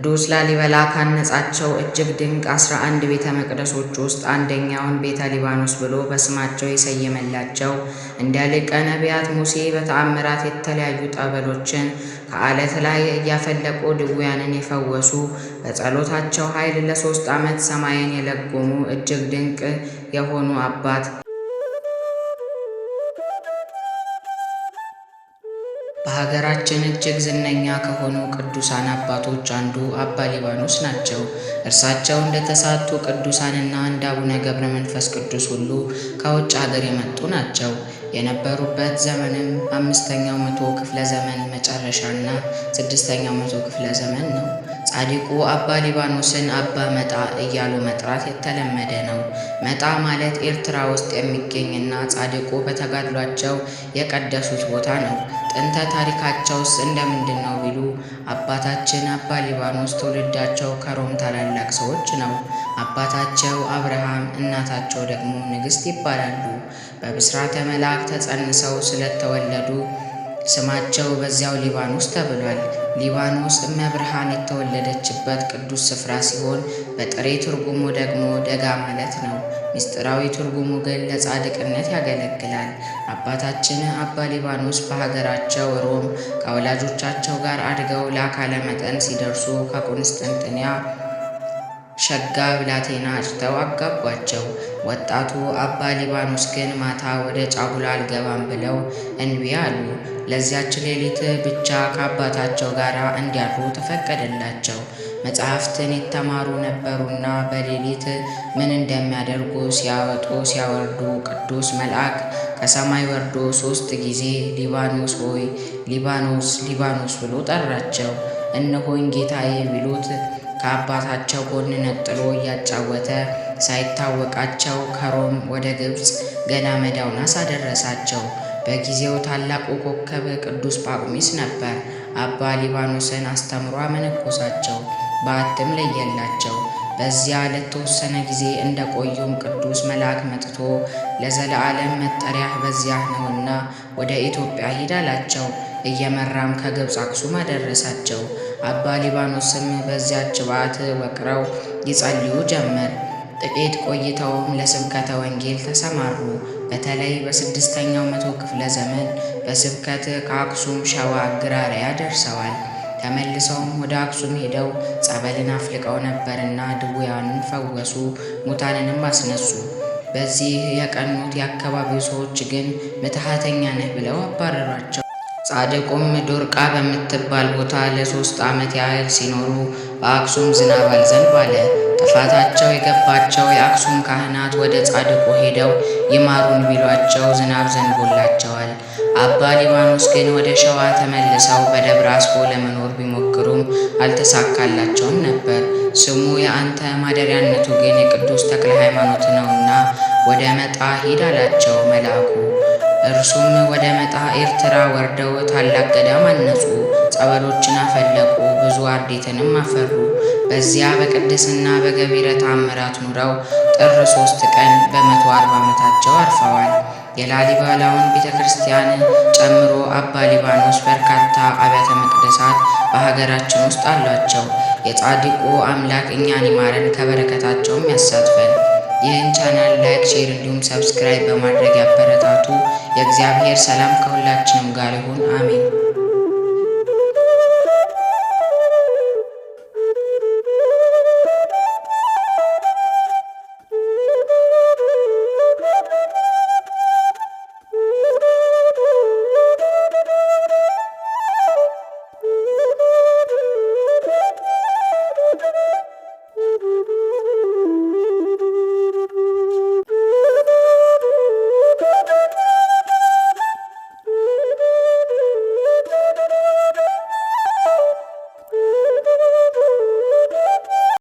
ቅዱስ ላሊበላ ካነጻቸው እጅግ ድንቅ አስራ አንድ ቤተ መቅደሶች ውስጥ አንደኛውን ቤተ ሊባኖስ ብሎ በስማቸው የሰየመላቸው እንደ ሊቀ ነቢያት ሙሴ በተአምራት የተለያዩ ጠበሎችን ከአለት ላይ እያፈለቁ ድውያንን የፈወሱ በጸሎታቸው ኃይል ለሶስት ዓመት ሰማይን የለጎሙ እጅግ ድንቅ የሆኑ አባት በሀገራችን እጅግ ዝነኛ ከሆኑ ቅዱሳን አባቶች አንዱ አባ ሊባኖስ ናቸው። እርሳቸው እንደተሳቱ ቅዱሳንና እንደ አቡነ ገብረ መንፈስ ቅዱስ ሁሉ ከውጭ ሀገር የመጡ ናቸው። የነበሩበት ዘመንም አምስተኛው መቶ ክፍለ ዘመን መጨረሻና ስድስተኛው መቶ ክፍለ ዘመን ነው። ጻዲቁ አባ ሊባኖስን አባ መጣ እያሉ መጥራት የተለመደ ነው። መጣ ማለት ኤርትራ ውስጥ የሚገኝና ጻዲቁ በተጋድሏቸው የቀደሱት ቦታ ነው። ጥንተ ታሪካቸውስ እንደምንድን ነው ቢሉ አባታችን አባ ሊባኖስ ትውልዳቸው ከሮም ታላላቅ ሰዎች ነው። አባታቸው አብርሃም፣ እናታቸው ደግሞ ንግሥት ይባላሉ። በብስራተ መልአክ ተጸንሰው ስለተወለዱ ስማቸው በዚያው ሊባኖስ ተብሏል። ሊባኖስ እመብርሃን የተወለደችበት ቅዱስ ስፍራ ሲሆን በጥሬ ትርጉሙ ደግሞ ደጋ ማለት ነው። ምስጢራዊ ትርጉሙ ግን ለጻድቅነት ያገለግላል። አባታችን አባ ሊባኖስ በሀገራቸው ሮም ከወላጆቻቸው ጋር አድገው ለአካለ መጠን ሲደርሱ ከቁንስጥንጥንያ ሸጋ ብላቴናች አጋቧቸው። ወጣቱ አባ ሊባኖስ ግን ማታ ወደ ጫጉላ አልገባም ብለው እንቢ አሉ። ለዚያች ሌሊት ብቻ ከአባታቸው ጋር እንዲያድሩ ተፈቀደላቸው። መጽሐፍትን የተማሩ ነበሩና በሌሊት ምን እንደሚያደርጉ ሲያወጡ ሲያወርዱ ቅዱስ መልአክ ከሰማይ ወርዶ ሶስት ጊዜ ሊባኖስ ሆይ ሊባኖስ ሊባኖስ ብሎ ጠራቸው። እነሆኝ ጌታዬ ቢሉት ከአባታቸው ጎን ነጥሎ እያጫወተ ሳይታወቃቸው ከሮም ወደ ግብፅ ገና መዳውናስ አደረሳቸው። በጊዜው ታላቁ ኮከብ ቅዱስ ጳቁሚስ ነበር። አባ ሊባኖስን አስተምሮ አመነኮሳቸው፣ በአትም ለየላቸው። በዚያ ለተወሰነ ጊዜ እንደ ቆዩም ቅዱስ መልአክ መጥቶ ለዘለዓለም መጠሪያህ በዚያ ነውና ወደ ኢትዮጵያ ሂድ አላቸው። እየመራም ከግብፅ አክሱም አደረሳቸው። አባ ሊባኖስም በዚያች በዓት ወቅረው ይጸልዩ ጀመር። ጥቂት ቆይተውም ለስብከተ ወንጌል ተሰማሩ። በተለይ በስድስተኛው መቶ ክፍለ ዘመን በስብከት ከአክሱም ሸዋ ግራሪያ ደርሰዋል። ተመልሰውም ወደ አክሱም ሄደው ጸበልን አፍልቀው ነበርና ድውያንን ፈወሱ፣ ሙታንንም አስነሱ። በዚህ የቀኑት የአካባቢው ሰዎች ግን ምትሃተኛ ነህ ብለው አባረሯቸው። ጻድቁም ዶርቃ በምትባል ቦታ ለሶስት ዓመት ያህል ሲኖሩ በአክሱም ዝናብ አልዘንብ አለ። ጥፋታቸው የገባቸው የአክሱም ካህናት ወደ ጻድቁ ሄደው ይማሩን ቢሏቸው ዝናብ ዘንቦላቸዋል። አባ ሊባኖስ ግን ወደ ሸዋ ተመልሰው በደብረ አስቦ ለመኖር ቢሞክሩም አልተሳካላቸውም ነበር። ስሙ የአንተ ማደሪያነቱ ግን የቅዱስ ተክለ ሃይማኖት ነውና ወደ መጣ ሂድ አላቸው መልአኩ። እርሱም ወደ መጣ ኤርትራ ወርደው ታላቅ ገዳም አነጹ። ጸበሎችን አፈለቁ፣ ብዙ አርዴትንም አፈሩ። በዚያ በቅድስና በገቢረ ተአምራት ኑረው ጥር ሶስት ቀን በመቶ አርባ ዓመታቸው አርፈዋል። የላሊበላውን ቤተ ክርስቲያን ጨምሮ አባ ሊባኖስ በርካታ አብያተ መቅደሳት በሀገራችን ውስጥ አሏቸው። የጻድቁ አምላክ እኛን ይማረን ከበረከታቸውም ያሳትፈን። ይህን ቻናል ላይክ፣ ሼር እንዲሁም ሰብስክራይብ በማድረግ ያበረታቱ። የእግዚአብሔር ሰላም ከሁላችንም ጋር ይሁን። አሜን።